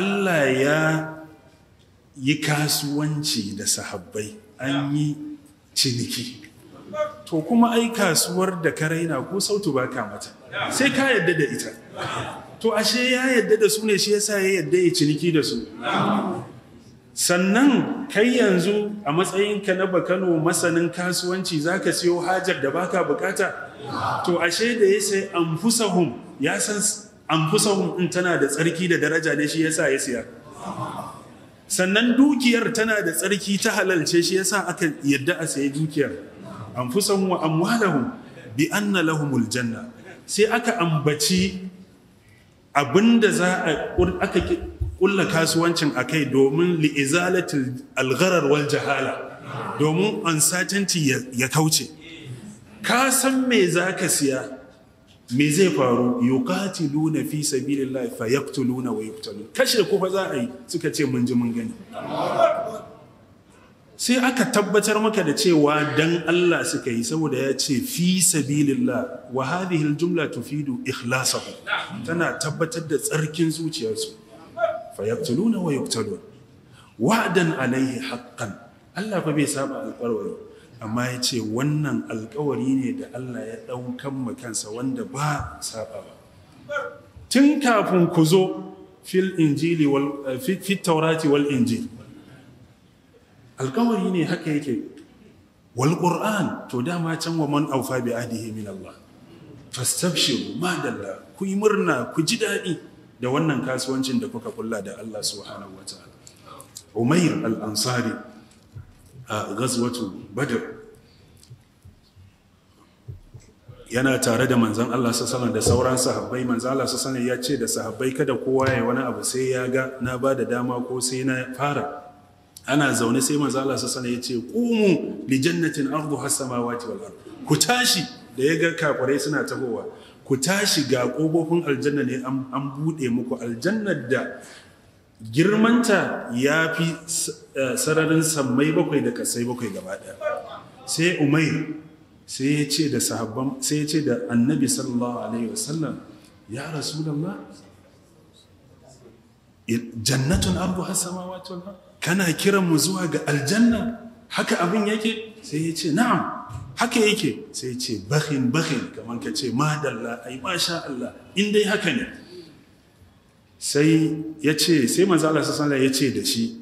Allah ya yi kasuwanci da sahabbai an yi ciniki to kuma ai kasuwar da ka raina ko sautu ba ka mata sai ka yadda da ita to ashe ya yadda da su ne shi yasa ya yadda ya ciniki da su sannan kai yanzu a matsayinka na bakano masanin kasuwanci za ka siyo hajar da baka bukata to ashe da ya sai amfusahun ya san An anfusahum in tana da tsarki da daraja ne shi yasa ya siya sannan dukiyar tana da tsarki ta halalce shi yasa aka yadda a sayi dukiyar An fi sahun wa amwalahum bi anna lahumul janna sai aka ambaci abinda za a aka kulla kasuwancin akai domin li'izalatil algharar wal jahala domin uncertainty ya kauce ka san me za ka siya me zai faru luna fi sabilillahi fayaktuluna wa yuqtalun kashe ku za a yi suka ce mun ji mun gani sai aka tabbatar maka da cewa dan Allah suka yi saboda ya ce fi sabilillah wa hadhihi tufidu ikhlasahu tana tabbatar da tsarkin zuciyarsu fayaktuluna wa yuqtalun wa'dan alaihi haqqan Allah fa bai saba alƙarwari amma ya ce wannan alkawari ne da Allah ya ɗaukan makansa wanda ba saba ba tun kafin ku zo fil wal eh, fit taurati wal injili alkawari ne haka yake wal to dama can wa man aufa bi ahdihi min Allah fastabshiru madalla ku yi murna ku ji daɗi da wannan kasuwancin da kuka kulla da Allah subhanahu wataala umair al-ansari a ghazwatu badr yana tare da manzan Allah sassanar da sauran sahabbai manzan Allah sassanar ya ce da sahabbai kada kowa ya wani abu sai ya ga na ba da dama ko sai na fara ana zaune sai manzan Allah sassanar ya ce ƙumu li jannatin ardu hasamawati wal ard ku tashi da ya ga kakwarai suna tahowa ku tashi ga ƙofofin aljanna ne an buɗe muku aljannar da girmanta ya fi eh, sararin sammai bakwai da kasai bakwai gaba ɗaya sai Umai. sai ya ce da annabi sallallahu alaihi wasallam ya rasu rasulullah jannatun ardu hasamawati wal kana kiran mu zuwa ga aljanna haka abin yake sai ya ce na'am haka yake sai ya ce bakin bakin kamar ka ce madalla ai masha Allah in dai haka ne sai ya ce sai manzo Allah sallallahu ya ce da shi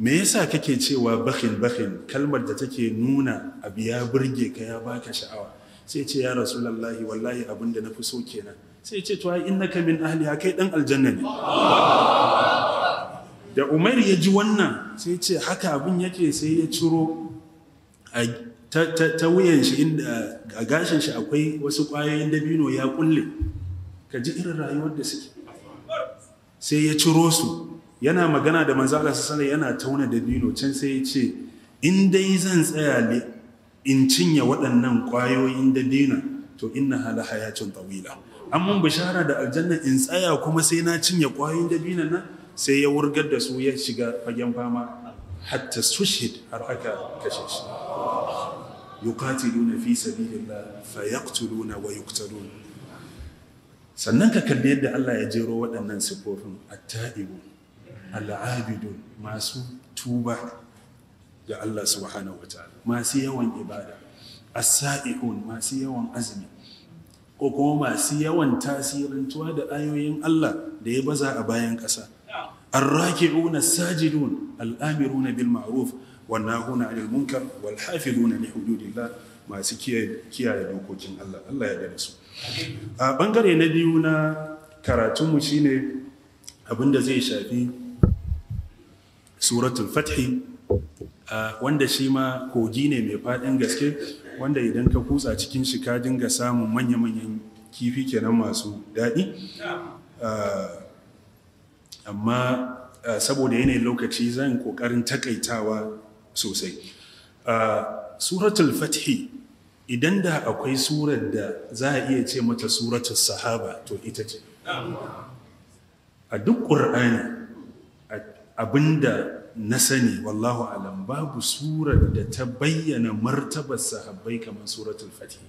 me yasa kake cewa bakin bahin kalmar da take nuna abu ya burge ka ya baka sha'awa sai ce ya lallahi, wallahi abin da fi so kenan sai ce to ai ka min ahli ha kai dan aljanna ne da Umar ya ji wannan sai ce haka abin yake sai ya ciro ta wuyan shi inda a gashin shi akwai wasu kwayoyin dabino ya kulle ka ji irin rayuwar da suke sai ya ciro su yana magana da manzo Allah sallallahu alaihi yana tauna da can sai ya ce in dai zan tsaya in cinye waɗannan ƙwayoyin da dina to inna hala hayatun tawila an mun bishara da aljanna in tsaya kuma sai na cinye ƙwayoyin da dina nan sai ya wurgar da su ya shiga fagen fama hatta sushid har aka kashe shi yuqatiluna fi sabilillah fayaqtuluna wa yuqtalun sannan ka kalli yadda Allah ya jero waɗannan sifofin attaibun al'abidun masu tuba ga Allah subhanahu wa ta'ala masu yawan ibada as masu yawan azumi ko kuma masu yawan tasirantuwa da ayoyin Allah da ya baza a bayan ƙasa الراكعون الساجدون الآمرون بالمعروف والناهون عن المنكر والحافظون لحدود الله masu kiyaye dokokin Allah Allah ya gane su a bangare na biyu na karatunmu shine abinda zai shafi suratul fathi ah, wanda shi ma kogi ne mai faɗin gaske wanda idan ka kutsa cikin shi ka dinga samun manya-manyan kifi kenan masu daɗi ah, amma ah, saboda yanayin lokaci zan ƙoƙarin takaitawa sosai suratul fathi idan da akwai surar da za a iya ce mata suratul sahaba to ita ce a duk ƙur'ani abinda na sani wallahu alam babu surar da ta bayyana martabar sahabbai kamar suratul fatih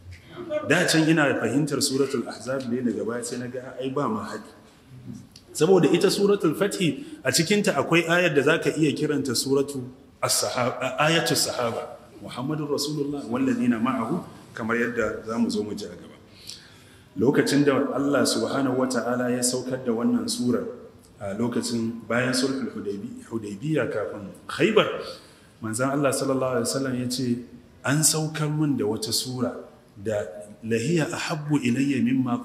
da can ina fahimtar suratul ahzab ne daga baya sai na ga ai ba ma hadi saboda ita suratul fatih a cikinta akwai ayar da zaka iya kiranta suratu as-sahaba ayatu sahaba muhammadur rasulullah wallazina ma'ahu kamar yadda zamu zo mu ji a gaba lokacin da Allah subhanahu wata'ala ya saukar da wannan surar a lokacin bayan sulhul hudaybiya kafin haibar. manzon Allah sallallahu alaihi wasallam ya ce an saukar min da wata sura da lahiya ahabbu ilayya mimma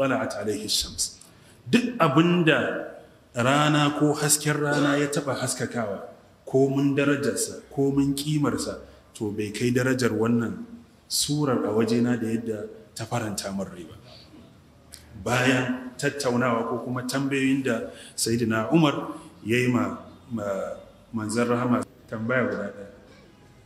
tala'at alaihi shams duk abinda rana ko hasken rana ya taba haskakawa ko mun darajarsa ko mun kimarsa to bai kai darajar wannan surar a wajena da yadda ta faranta min rai ba bayan tattaunawa ko kuma tambayoyin da sayyidina umar ya yi ma manzan rahama tambaya guda ɗaya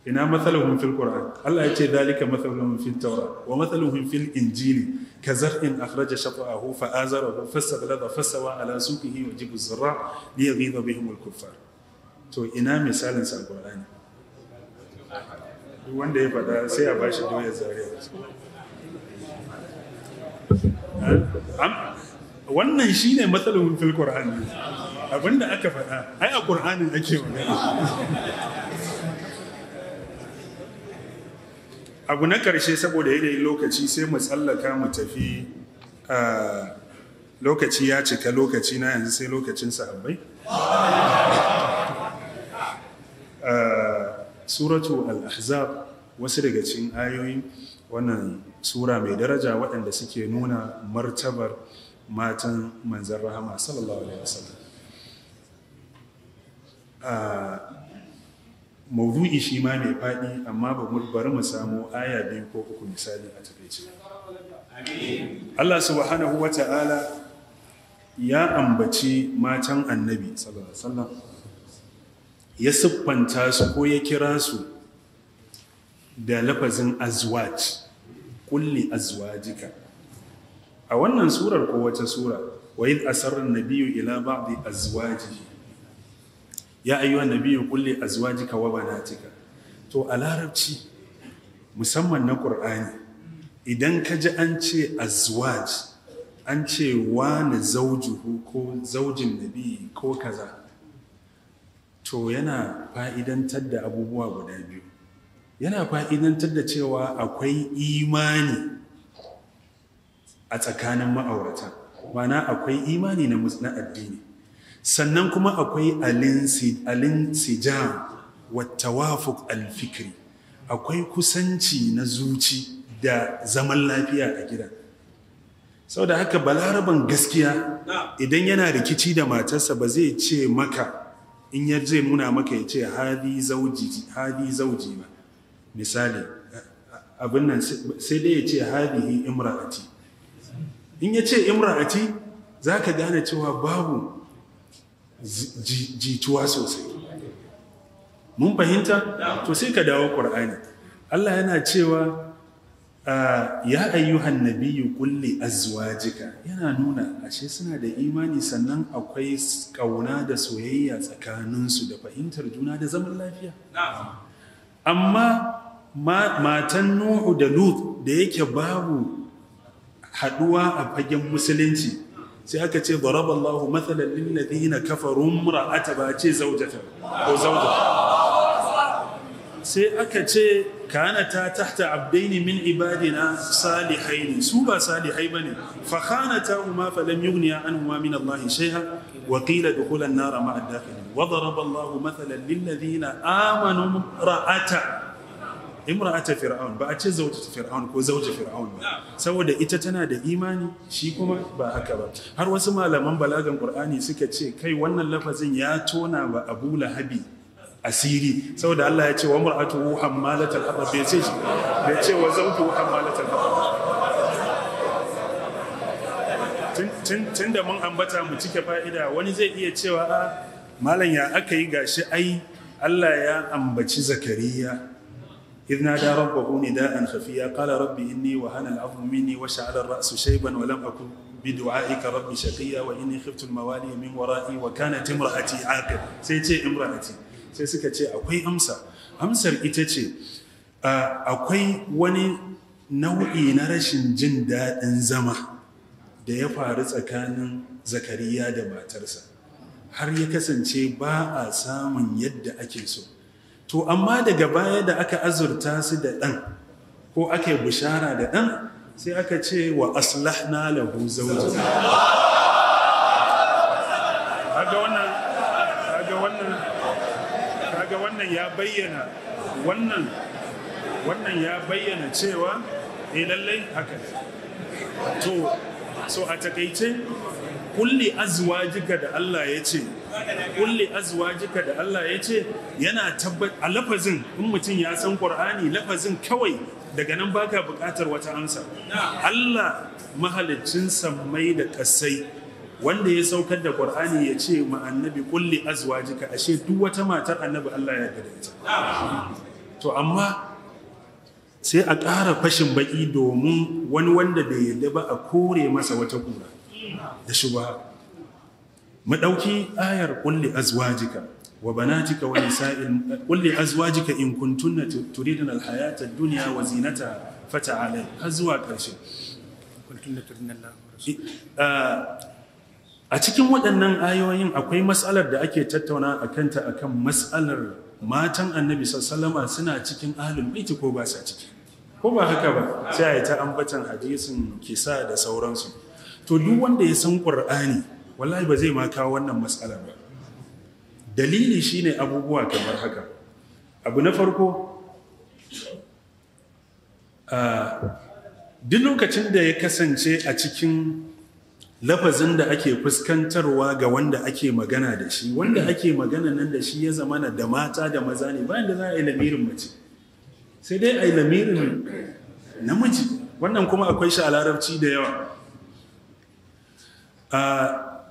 ina matsalahun fil qur'an Allah ya ce dalika matsalahun fil taura wa matsalahun fil injili ka zar'in akhraja shaqahu fa azara fa fasawa ala suqihi wa jibu zarra li yaghidha bihim al kuffar to ina misalin sa qur'ani duk wanda ya faɗa sai a bashi doya zariya Eh? wannan shine matsalin fil qur'ani abinda aka faɗa ai a qur'anin ake magana abu na ƙarshe saboda yanayin lokaci sai mu tsallaka mu tafi eh, lokaci ya cika lokaci na yanzu sai lokacin sahabbai eh, suratu al-ahzab wasu daga cikin ayoyin wannan sura mai daraja waɗanda suke nuna martabar matan manzan rahama sallallahu alaihi wasallam maudu'i shi ma mai faɗi amma ba bari mu samu aya biyu ko uku misali a takaice Allah subhanahu wa ta'ala ya ambaci matan annabi sallallahu alaihi wasallam ya siffanta su ko ya kira su da lafazin azwaj kulli azwajika a wannan surar ko wata sura wa id asarra nabiyyu ila ba'di azwajihi ya ayyuhan nabiyyu kulli azwajika wa banatika to a larabci musamman na qur'ani idan ka ji an ce azwaj an ce wa na zaujuhu ko zaujin nabi ko kaza to yana fa'idantar da abubuwa guda biyu yana fa'idantar da cewa akwai imani a tsakanin ma'aurata mana akwai imani na addini sannan kuma akwai alinsijam wata wafuk alfikiri akwai kusanci na zuci da zaman lafiya a gida sau da haka balaraban gaskiya idan yana rikici da matarsa ba zai ce maka in yarje zai nuna maka ya ce hadi zauji ba misali abin nan sai dai ya ce hadihi imra'ati in ya ce imra'ati za ka gane cewa babu jituwa sosai mun fahimta to sai ka dawo ƙwar'ani allah yana cewa ah, ya ayyuhan nabiyyu kulle jika yana nuna ashe suna da imani sannan akwai kauna da soyayya tsakaninsu da fahimtar juna da zaman lafiya amma matan nuhu da lut da yake babu haduwa a fagen musulunci sai aka ce daraballahu mathalan lil ladina kafaru imra'ata ba ce zaujata ko zauja sai aka ce kana ta tahta abdaini min ibadina ne su ba salihai bane fa khanata huma falam an anhuma min allahi shay'a wa da dukhulan nar ma'a وضرب الله مثلا للذين آمنوا امرأة امرأة فرعون ba a ce zaujata fir'aun ko zauja fir'aun ba saboda ita tana da imani shi kuma ba haka ba har wasu malaman balagan qur'ani suka ce kai wannan lafazin ya tona ba abu lahabi asiri saboda Allah ya ce wa mar'atu hammalatul hatab bai ce ya ce wa zauju hammalatul hatab tun da mun ambata mu cike fa'ida wani zai iya cewa a malam ya aka yi gashi ai Allah ya ambaci zakariya إذ نادى ربه نداء خفيا قال ربي إني وهن العظم مني وشعل الرأس شيبا ولم أكن بدعائك ربي شقيا وإني خفت الموالي من ورائي وكانت امرأتي عاقر سيتي امرأتي سيسكتي أكوي أمسى أمسر إتتي أكوي وني nau'i na rashin jin daɗin zama da ya faru tsakanin zakariya da matarsa har ya kasance ba a samun yadda ake so to amma daga baya da aka azurta su da ɗan ko aka bishara da ɗan sai aka ce wa aslahna lahu zawjahu kaga wannan kaga wannan ya bayyana wannan wannan ya bayyana cewa eh lallai haka to so a takaice kulli azwajika da Allah ya ce kulli azwajika da Allah ya ce yana tabbat a lafazin in mutum ya san Qur'ani lafazin kawai daga nan baka buƙatar wata amsa Allah mahaliccin samai da kasai wanda ya saukar da Qur'ani ya ce ma annabi kulli azwajika ashe duk wata matar annabi Allah ya gada ita to amma sai a ƙara fashin baki domin wani wanda bai yarda ba a kore masa wata kura da shuba mu ɗauki ayar kulli azwajika wa banatika wa nisa'il kulli azwajika in kuntunna turidna alhayata ad-dunya wa zinata alai? har zuwa ƙarshe a cikin waɗannan ayoyin akwai matsalar da ake tattauna a kanta a kan matsalar matan annabi sassalama suna cikin ahalin baiti ko ba sa ciki ko ba haka ba sai a yi ta ambatan hadisin kisa da sauransu to duk wanda ya san ƙur'ani wallahi ba zai ma kawo wannan matsala ba dalili shine abubuwa kamar haka abu na farko duk lokacin da ya kasance a cikin lafazin da ake fuskantarwa ga wanda ake magana da shi wanda ake magana nan da shi ya zamana da mata da maza ne bayan da za a yi lamirin mace sai dai a yi lamirin namiji wannan kuma akwai shi a larabci da yawa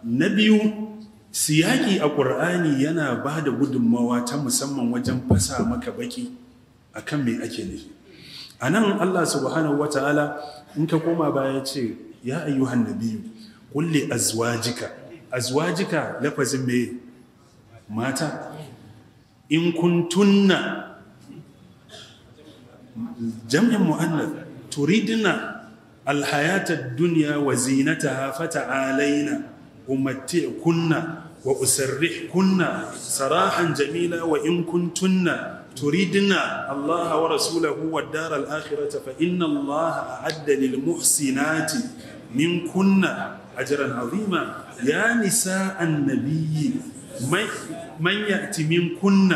na biyu siyaki a ƙur'ani yana ba da gudunmawa ta musamman wajen fasa maka baki a kan me ake nufi a nan allah subhanahu wa ta'ala in ka koma baya ce ya ayyuhan nabiyu kulle azwajika azwajika lafazin mai mata in kuntunna jam'in mu'annath turidina الحياة الدنيا وزينتها فتعالينا أمتعكن وأسرحكن سراحا جميلا وإن كنتن تريدنا الله ورسوله والدار الآخرة فإن الله أعد للمحسنات منكن أجرا عظيما يا نساء النبي من يأتي منكن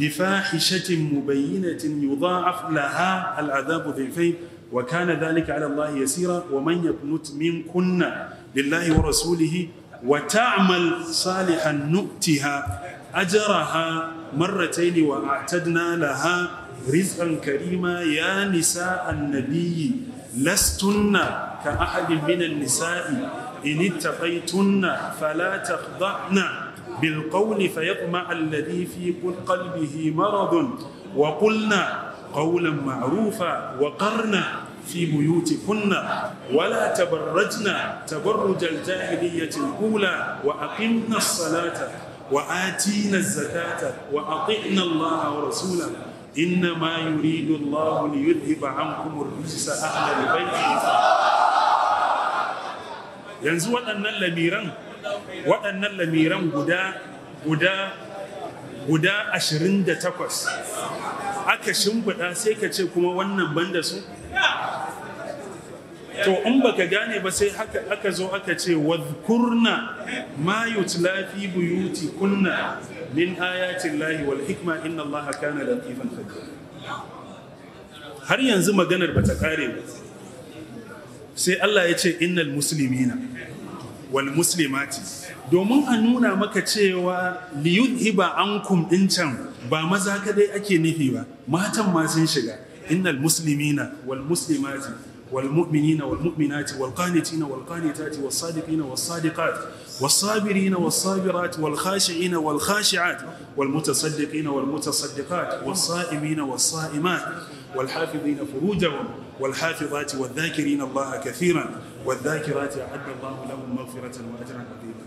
بفاحشة مبينة يضاعف لها العذاب ضعفين وكان ذلك على الله يسيرا ومن يقنت منكن لله ورسوله وتعمل صالحا نؤتها أجرها مرتين وأعتدنا لها رزقا كريما يا نساء النبي لستن كأحد من النساء إن اتقيتن فلا تخضعن بالقول فيطمع الذي في قلبه مرض وقلنا قولا معروفا وقرنا في بيوتكن ولا تبرجن تبرج الجاهلية الأولى وأقمنا الصلاة وآتينا الزكاة وأطعنا الله ورسوله إنما يريد الله ليذهب عنكم الرجس أهل البيت yanzu waɗannan lamiran waɗannan lamiran guda guda guda 28 aka shimfiɗa sai ka ce kuma wannan banda su to in baka gane ba sai haka aka zo aka ce wadkurna ma yutla fi buyuti kunna min ayati llahi wal hikma inna allaha kana latifan khabira har yanzu maganar bata kare ba sai Allah ya ce innal muslimina wal muslimati domin a nuna maka cewa hiba ankum din can ba maza kadai ake nufi ba matan ma sun shiga innal muslimina wal muslimati wal mu'minina wal mu'minati wal qanitina wal qanitati was sadiqina was sadiqat والصابرين والصابرات والخاشعين والخاشعات والمتصدقين والمتصدقات والصائمين والصائمات والحافظين فروجهم والحافظات والذاكرين الله كثيرا والذاكرات أعد